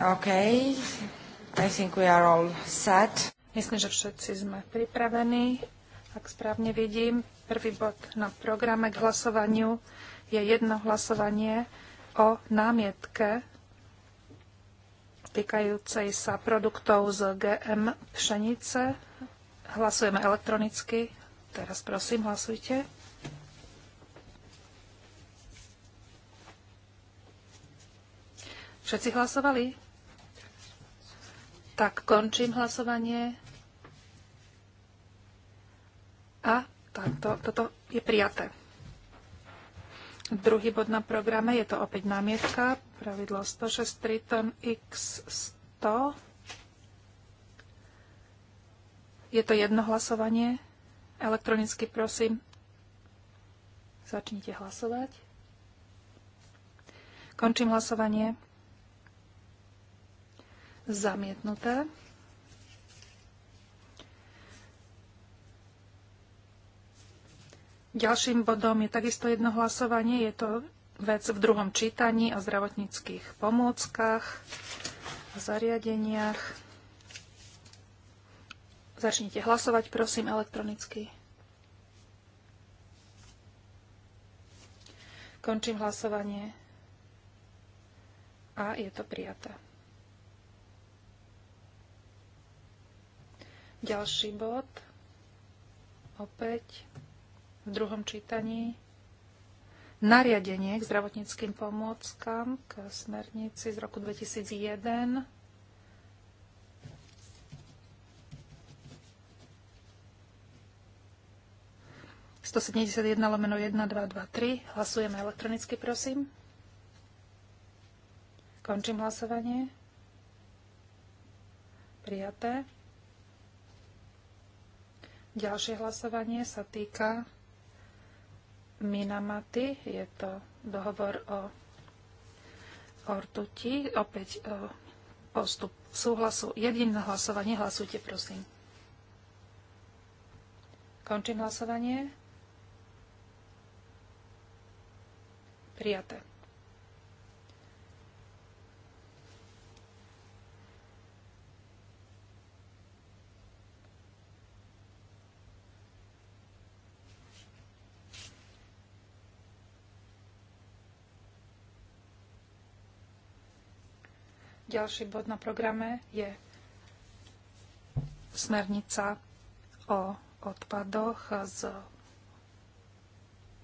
Okay. I think we are all set. Myslím, že všetci sme pripravení. Ak správne vidím, prvý bod na programe k hlasovaniu je jedno hlasovanie o námietke týkajúcej sa produktov z GM pšenice. Hlasujeme elektronicky. Teraz prosím, hlasujte. Všetci hlasovali? Tak končím hlasovanie. A to, toto je prijaté. Druhý bod na programe je to opäť námietka, pravidlo 106 Triton X100. Je to jedno hlasovanie. Elektronicky prosím, začnite hlasovať. Končím hlasovanie. Zamietnuté. Ďalším bodom je takisto jedno hlasovanie. Je to vec v druhom čítaní o zdravotníckých pomôckach a zariadeniach. Začnite hlasovať, prosím, elektronicky. Končím hlasovanie a je to prijaté. Ďalší bod, opäť v druhom čítaní, nariadenie k zdravotníckým pomôckam k smernici z roku 2001. lomeno 3. Hlasujeme elektronicky, prosím. Končím hlasovanie. Prijaté. Ďalšie hlasovanie sa týka Minamaty. Je to dohovor o, ortuti. Opäť o, e, postup súhlasu. Jediné hlasovanie. Hlasujte, prosím. Končím hlasovanie. Prijaté. Ďalší bod na programe je smernica o odpadoch z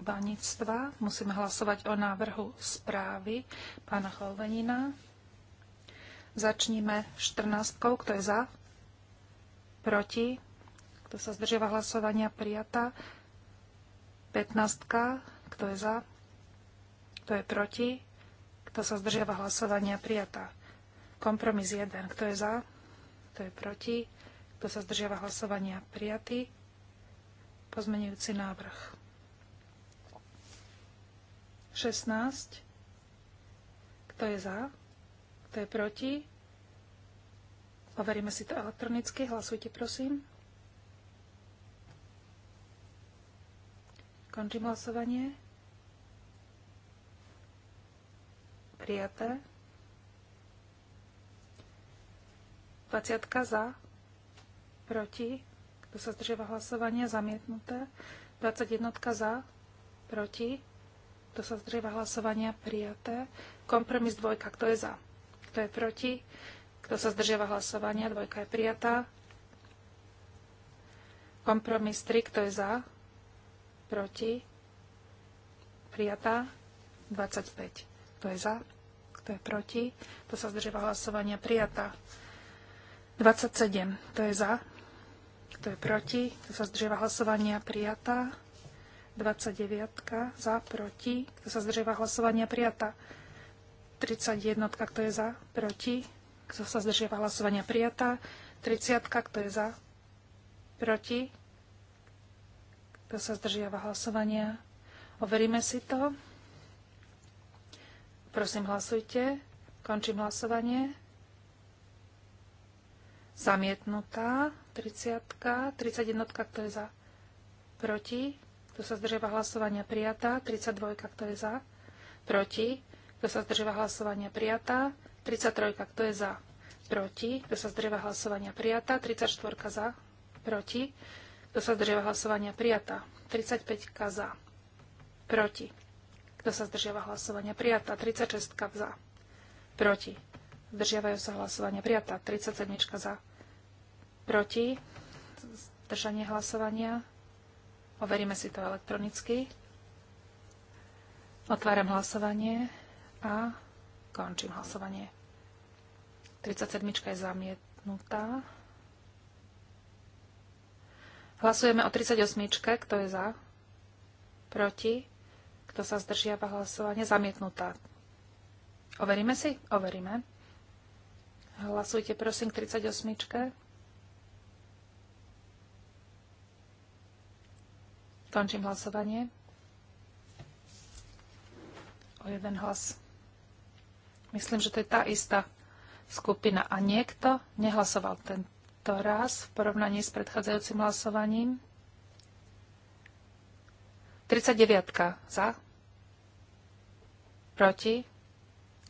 banictva. Musíme hlasovať o návrhu správy pána Cholvenina. Začníme 14. Kto je za? Proti? Kto sa zdržiava hlasovania? Prijatá. 15. Kto je za? Kto je proti? Kto sa zdržiava hlasovania? Prijatá. Kompromis 1. Kto je za? Kto je proti? Kto sa zdržiava hlasovania? Prijatý. Pozmenujúci návrh. 16. Kto je za? Kto je proti? Overíme si to elektronicky. Hlasujte, prosím. Končím hlasovanie. Prijaté. 20 za, proti, kto sa zdržiava hlasovania, zamietnuté. 21 za, proti, kto sa zdržiava hlasovania, prijaté. Kompromis dvojka, kto je za, kto je proti, kto sa zdržiava hlasovania, dvojka je prijatá. Kompromis 3, kto je za, proti, prijatá. 25, kto je za, kto je proti, kto sa zdržiava hlasovania, prijatá. 27. Kto je za? Kto je proti? Kto sa zdržiava hlasovania? Prijatá. 29. Za? Proti? Kto sa zdržiava hlasovania? Prijatá. 31. Kto je za? Proti? Kto sa zdržiava hlasovania? Prijatá. 30. Kto je za? Proti? Kto sa zdržiava hlasovania? Overíme si to. Prosím, hlasujte. Končím hlasovanie zamietnutá. 30, 31, kto je za, proti, kto sa zdržiava hlasovania prijatá, 32, kto je za, proti, kto sa zdržiava hlasovania prijatá, 33, kto je za, proti, kto sa zdržiava hlasovania prijatá, 34 za, proti, kto sa zdržiava hlasovania prijatá, 35 za, proti, kto sa zdržiava hlasovania prijatá, 36 za, proti, Zdržiavajú sa hlasovania. Prijatá. 37 za. Proti. Zdržanie hlasovania. Overíme si to elektronicky. Otváram hlasovanie a končím hlasovanie. 37 je zamietnutá. Hlasujeme o 38. Kto je za? Proti? Kto sa zdržiava hlasovanie? Zamietnutá. Overíme si? Overíme. Hlasujte prosím k 38. Končím hlasovanie. O jeden hlas. Myslím, že to je tá istá skupina. A niekto nehlasoval tento raz v porovnaní s predchádzajúcim hlasovaním. 39. Za. Proti.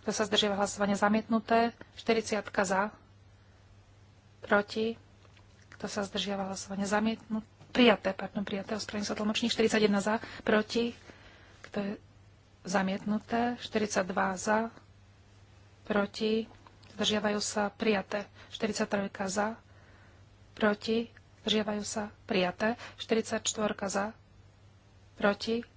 Kto sa zdržiava hlasovania zamietnuté? 40 za. Proti. Kto sa zdržiava hlasovania zamietnuté? Prijaté, pardon, prijaté. Ospravím sa tlmočník. 41 za. Proti. Kto je zamietnuté? 42 za. Proti. Zdržiavajú sa prijaté. 43 za. Proti. Zdržiavajú sa prijaté. 44 za. Proti.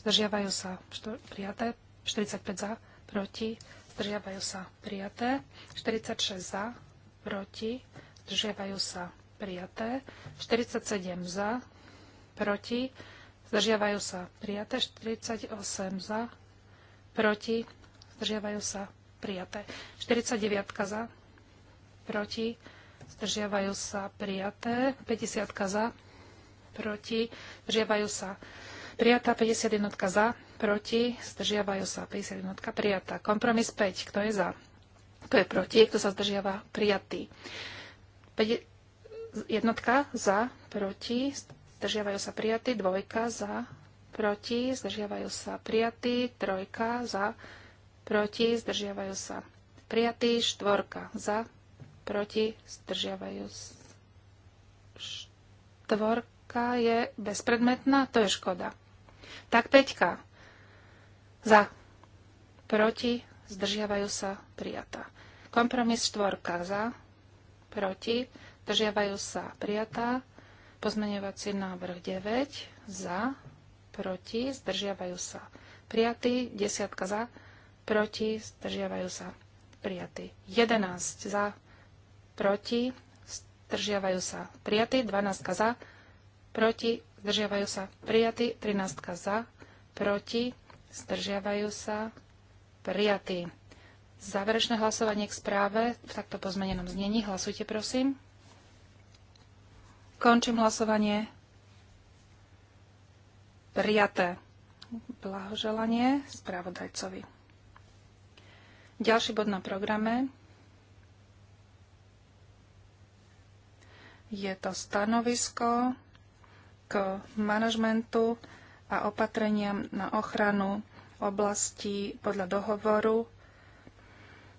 Zdržiavajú sa prijaté. 45 za proti, zdržiavajú sa prijaté, 46 za, proti, zdržiavajú sa prijaté, 47 za, proti, zdržiavajú sa prijaté, 48 za, proti, zdržiavajú sa prijaté, 49 za, proti, zdržiavajú sa prijaté, 50 za, proti, zdržiavajú sa prijatá, 51 za, proti, zdržiavajú sa 51 prijatá. Kompromis 5, kto je za? Kto je proti, kto sa zdržiava prijatý. 5, jednotka za, proti, zdržiavajú sa prijatí, dvojka za, proti, zdržiavajú sa prijatí, trojka za, proti, zdržiavajú sa prijatí, štvorka za, proti, zdržiavajú sa. Štvorka je bezpredmetná, to je škoda. Tak peťka za. Proti. Zdržiavajú sa. Prijatá. Kompromis štvorka. Za. Proti. Zdržiavajú sa. Prijatá. Pozmeňovací návrh 9. Za. Proti. Zdržiavajú sa. Prijatý. Desiatka za. Proti. Zdržiavajú sa. Prijatý. 11 za. Proti. Zdržiavajú sa. Prijatý. 12 za. Proti. Zdržiavajú sa. Prijatý. 13 za. Proti Zdržiavajú sa? Prijatý. Záverečné hlasovanie k správe v takto pozmenenom znení. Hlasujte, prosím. Končím hlasovanie. Prijaté. Blahoželanie správodajcovi. Ďalší bod na programe je to stanovisko k manažmentu a opatreniam na ochranu oblasti podľa dohovoru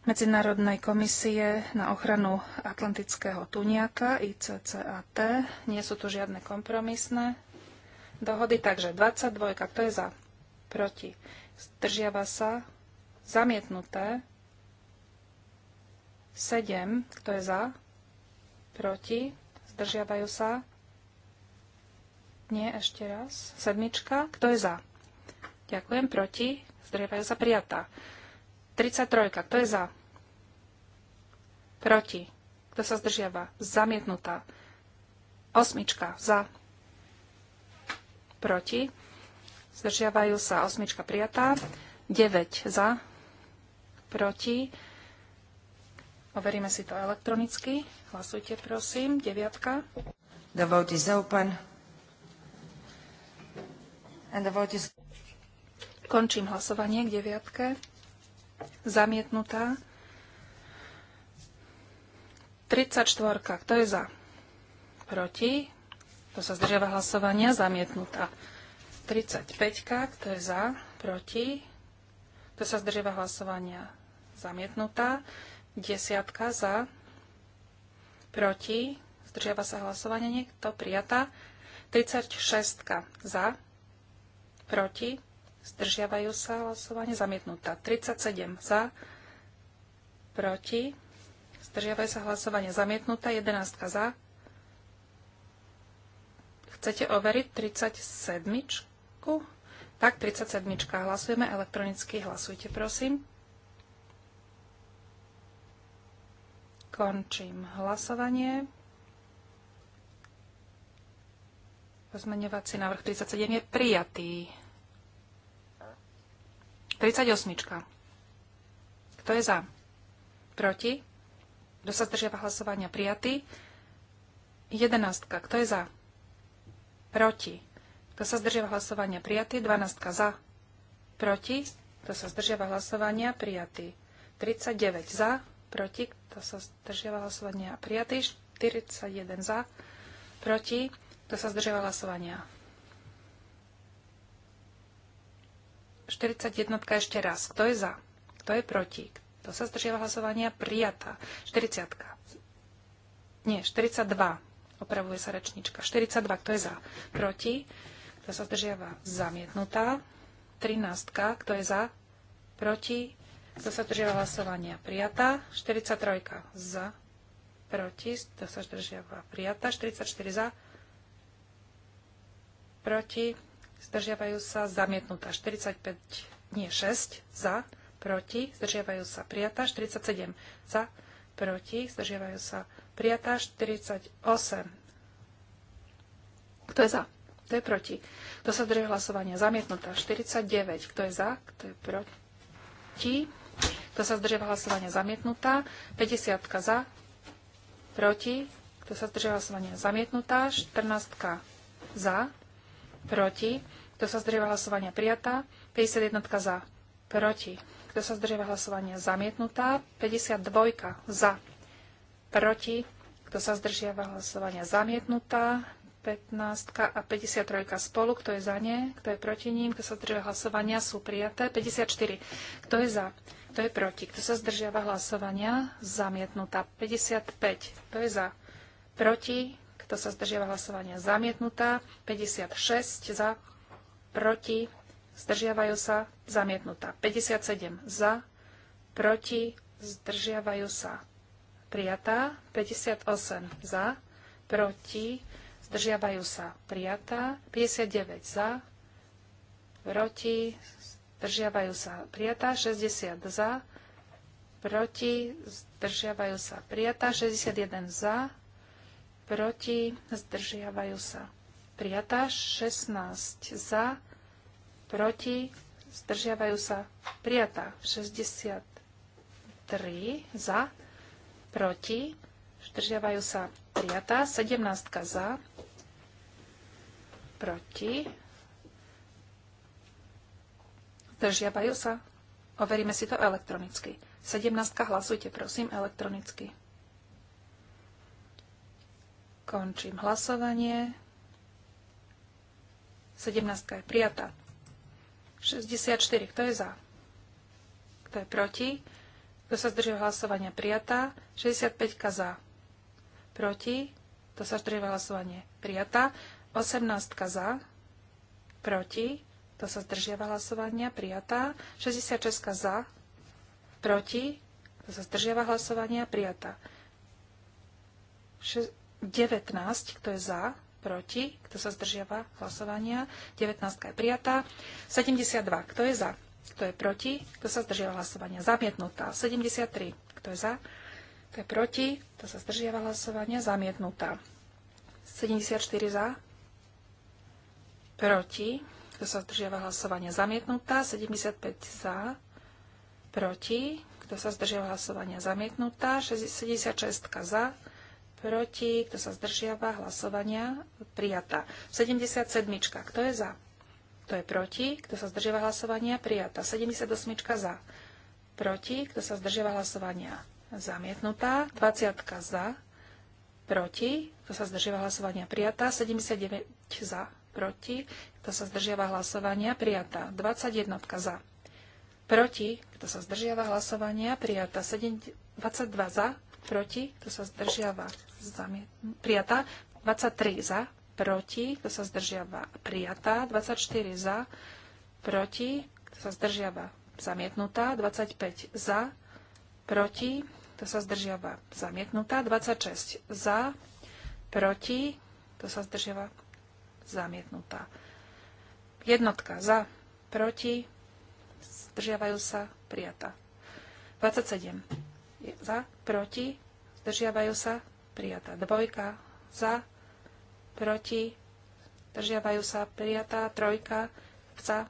Medzinárodnej komisie na ochranu atlantického tuniaka ICCAT. Nie sú tu žiadne kompromisné dohody, takže 22, kto je za? Proti. Zdržiava sa? Zamietnuté. 7, kto je za? Proti. Zdržiavajú sa? Nie, ešte raz. Sedmička. Kto je za? Ďakujem. Proti? Zdrievajú za prijatá. 33. Kto je za? Proti. Kto sa zdržiava? Zamietnutá. Osmička. Za. Proti. Zdržiavajú sa. Osmička prijatá. 9. Za. Proti. Overíme si to elektronicky. Hlasujte, prosím. Deviatka. The vote is open. And the vote is... Končím hlasovanie k deviatke. Zamietnutá. 34. Kto je za? Proti. to sa zdržiava hlasovania? Zamietnutá. 35. Kto je za? Proti. to sa zdržiava hlasovania? Zamietnutá. 10 za. Proti. Zdržiava sa hlasovanie niekto. Prijatá. 36. Za proti, zdržiavajú sa hlasovanie, zamietnutá 37 za, proti, zdržiavajú sa hlasovanie, zamietnutá 11 za. Chcete overiť 37? Tak, 37. Hlasujeme elektronicky. Hlasujte, prosím. Končím hlasovanie. Pozmeňovací návrh 37 je prijatý. 38. Kto je za? Proti? Kto sa zdržiava hlasovania? Prijatý. 11. Kto je za? Proti. Kto sa zdržiava hlasovania? Prijatý. 12. Za. Proti. Kto sa zdržiava hlasovania? Prijatý. 39. Za. Proti. Kto sa zdržiava hlasovania? Prijatý. 41. Za. Proti. Kto sa zdržiava hlasovania? 41 ešte raz. Kto je za? Kto je proti? Kto sa zdržiava hlasovania? Prijatá. 40. Nie, 42. Opravuje sa rečnička. 42. Kto je za? Proti? Kto sa zdržiava? Zamietnutá. 13. Kto je za? Proti? Kto sa zdržiava hlasovania? Prijatá. 43. Za? Proti? Kto sa zdržiava? Prijatá. 44. Za? proti, zdržiavajú sa, zamietnutá. 45, nie 6, za, proti, zdržiavajú sa, prijatá. 47, za, proti, zdržiavajú sa, prijatá. 48, kto je za? Kto je proti? Kto sa drží hlasovania? Zamietnutá. 49. Kto je za? Kto je proti? Kto sa zdržia hlasovania? Zamietnutá. 50. za? Proti? Kto sa zdržia hlasovania? Zamietnutá. 14. za? proti, kto sa zdržiava hlasovania prijatá, 51 za, proti, kto sa zdržiava hlasovania zamietnutá, 52 za, proti, kto sa zdržiava hlasovania zamietnutá, 15 a 53 spolu, kto je za ne, kto je proti ním, kto sa zdržiava hlasovania, sú prijaté, 54, kto je za, kto je proti, kto sa zdržiava hlasovania, zamietnutá, 55, kto je za, proti, kto sa zdržiava hlasovania? Zamietnutá. 56 za. Proti. Zdržiavajú sa. Zamietnutá. 57 za. Proti. Zdržiavajú sa. Prijatá. 58 za. Proti. Zdržiavajú sa. Prijatá. 59 za. Proti. Zdržiavajú sa. Prijatá. 60 za. Proti. Zdržiavajú sa. Prijatá. 61 za proti, zdržiavajú sa. Prijatá 16 za, proti, zdržiavajú sa. Prijatá 63 za, proti, zdržiavajú sa. Prijatá 17 za, proti, zdržiavajú sa. Overíme si to elektronicky. 17 hlasujte prosím elektronicky. Končím hlasovanie. 17 je prijatá. 64. Kto je za? Kto je proti? Kto sa zdržal hlasovania? Prijatá. 65 za. Proti. Kto sa zdržal hlasovanie? Prijatá. 18 za. Proti. Kto sa zdržiava hlasovania? Prijatá. 66 za. Proti. Kto sa zdržiava hlasovania? Prijatá. 6... 19, kto je za, proti, kto sa zdržiava hlasovania, 19 je prijatá, 72, kto je za, kto je proti, kto sa zdržiava hlasovania, zamietnutá, 73, kto je za, kto je proti, kto sa zdržiava hlasovania, zamietnutá, 74 za, proti, kto sa zdržiava hlasovania, zamietnutá, 75 za, proti, kto sa zdržiava hlasovania, zamietnutá, 76 za, proti, kto sa zdržiava hlasovania, prijatá. 77. Kto je za? Kto je proti, kto sa zdržiava hlasovania, prijatá. 78. za. Proti, kto sa zdržiava hlasovania, zamietnutá. 20. za. Proti, kto sa zdržiava hlasovania, prijatá. 79 za. Proti, kto sa zdržiava hlasovania, prijatá. 21 za. Proti, kto sa zdržiava hlasovania, prijatá. 22 za proti, kto sa zdržiava, zamiet... prijatá. 23 za, proti, kto sa zdržiava, prijatá. 24 za, proti, kto sa zdržiava, zamietnutá. 25 za, proti, kto sa zdržiava, zamietnutá. 26 za, proti, kto sa zdržiava, zamietnutá. Jednotka za, proti, zdržiavajú sa, prijatá. 27 za, proti, zdržiavajú sa, prijatá. Dvojka, za, proti, zdržiavajú sa, prijatá. Trojka, za,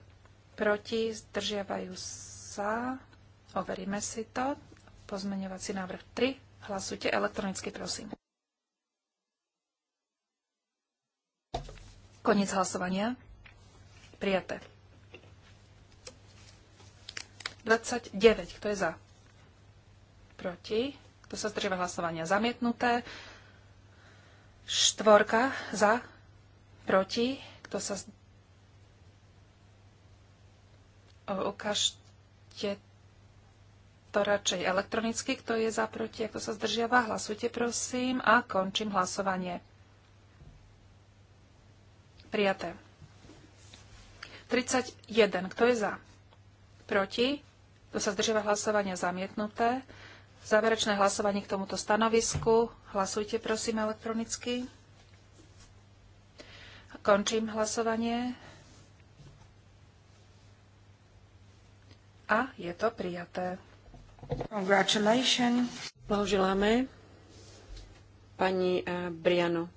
proti, zdržiavajú sa. Overíme si to. Pozmeňovací návrh 3. Hlasujte elektronicky, prosím. Koniec hlasovania. Prijaté. 29. Kto je za? proti, kto sa zdržíva hlasovania, zamietnuté. Štvorka za, proti, kto sa... Ukážte to radšej elektronicky, kto je za, proti, kto sa zdržiava. Hlasujte, prosím. A končím hlasovanie. Prijaté. 31. Kto je za? Proti? Kto sa zdržiava hlasovania? Zamietnuté. Záverečné hlasovanie k tomuto stanovisku. Hlasujte prosím elektronicky. Končím hlasovanie. A je to prijaté. Congratulations. Blahoželáme pani eh, Briano.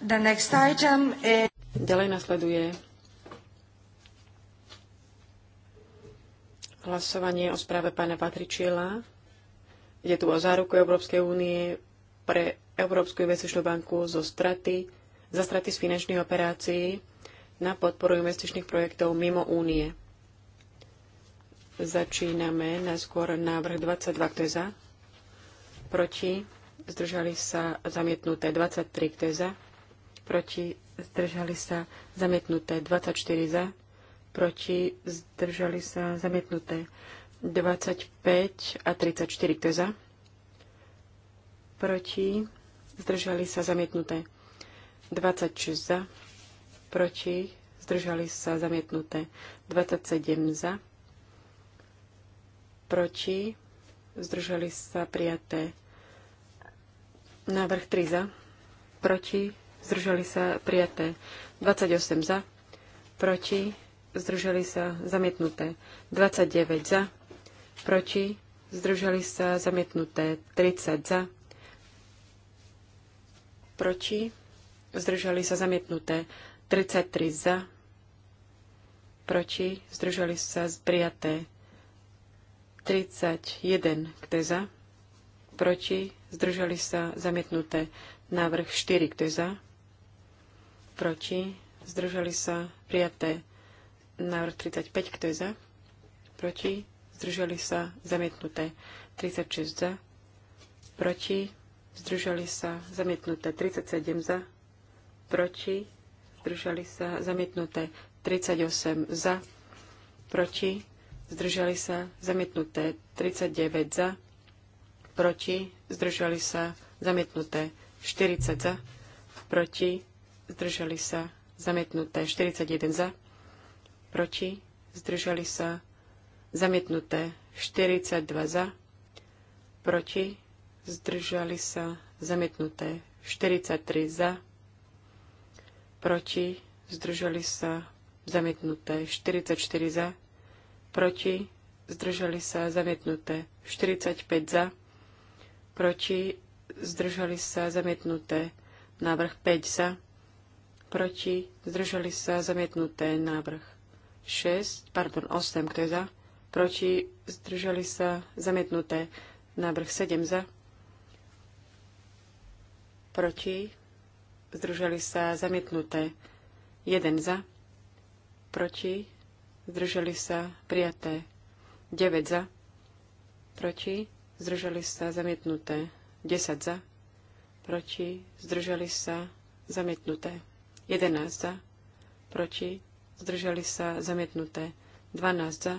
The next item is... Ďalej nasleduje hlasovanie o správe pána Patričiela. Ide tu o záruku Európskej únie pre Európsku investičnú banku zo straty, za straty z finančných operácií na podporu investičných projektov mimo únie. Začíname najskôr návrh 22, kto je za? Proti? Zdržali sa zamietnuté 23, kto je za? proti, zdržali sa zamietnuté. 24 za, proti, zdržali sa zamietnuté. 25 a 34, kto je za? Proti, zdržali sa zamietnuté. 26 za, proti, zdržali sa zamietnuté. 27 za, proti, zdržali sa prijaté. Návrh 3 za, proti, zdržali sa prijaté 28 za, proti, zdržali sa zamietnuté 29 za, proti, zdržali sa zamietnuté 30 za, proti, zdržali sa zamietnuté 33 za, proti, zdržali sa prijaté 31 kto za, proti, zdržali sa zamietnuté návrh 4 kto je za, proti, zdržali sa prijaté. Návrh 35, kto je za, proti, zdržali sa zamietnuté. 36 za, proti, zdržali sa zamietnuté. 37 za, proti, zdržali sa zamietnuté. 38 za, proti, zdržali sa zamietnuté. 39 za, proti, zdržali sa zamietnuté. 40 za, proti, zdržali sa, zamietnuté 41 za, proti, zdržali sa, zamietnuté 42 za, proti, zdržali sa, zamietnuté 43 za, proti, zdržali sa, zamietnuté 44 za, proti, zdržali sa, zamietnuté 45 za, proti, zdržali sa, zamietnuté návrh 5 za, proti, zdržali sa zamietnuté návrh 6, pardon, 8, kto je za, proti, zdržali sa zamietnuté návrh 7 za, proti, zdržali sa zamietnuté 1 za, proti, zdržali sa prijaté 9 za, proti, zdržali sa zamietnuté 10 za, proti, zdržali sa zamietnuté 11 za, proti, zdržali sa zamietnuté. 12 za,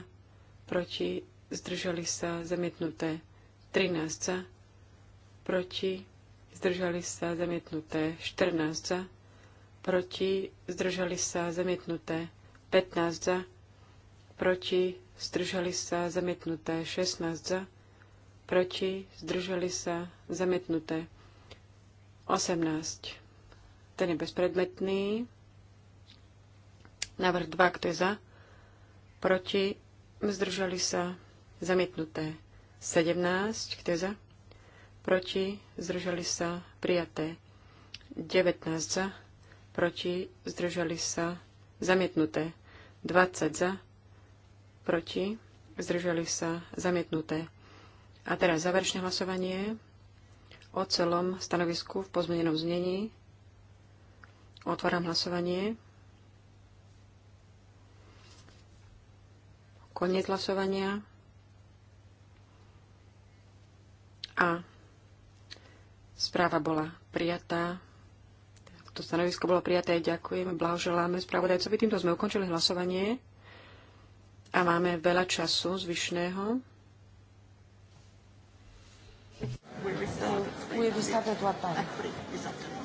proti, zdržali sa zamietnuté. 13 za, proti, zdržali sa zamietnuté. 14 za, proti, zdržali sa zamietnuté. 15 za, proti, zdržali sa zamietnuté. 16 za, proti, zdržali sa zamietnuté. 18 ten je bezpredmetný. Návrh 2, kto je za, proti, zdržali sa, zamietnuté. 17, kto je za, proti, zdržali sa, prijaté. 19 za, proti, zdržali sa, zamietnuté. 20 za, proti, zdržali sa, zamietnuté. A teraz záverečné hlasovanie o celom stanovisku v pozmenenom znení. Otváram hlasovanie. Koniec hlasovania. A správa bola prijatá. To stanovisko bolo prijaté. Ďakujeme, blahoželáme spravodajcovi. Týmto sme ukončili hlasovanie a máme veľa času zvyšného. We what time?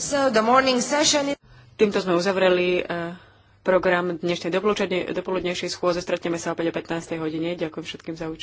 So the morning session... Týmto sme uzavreli eh, program dnešnej dopoludnejšej schôze. Stretneme sa opäť o 15. hodine. Ďakujem všetkým za účasť.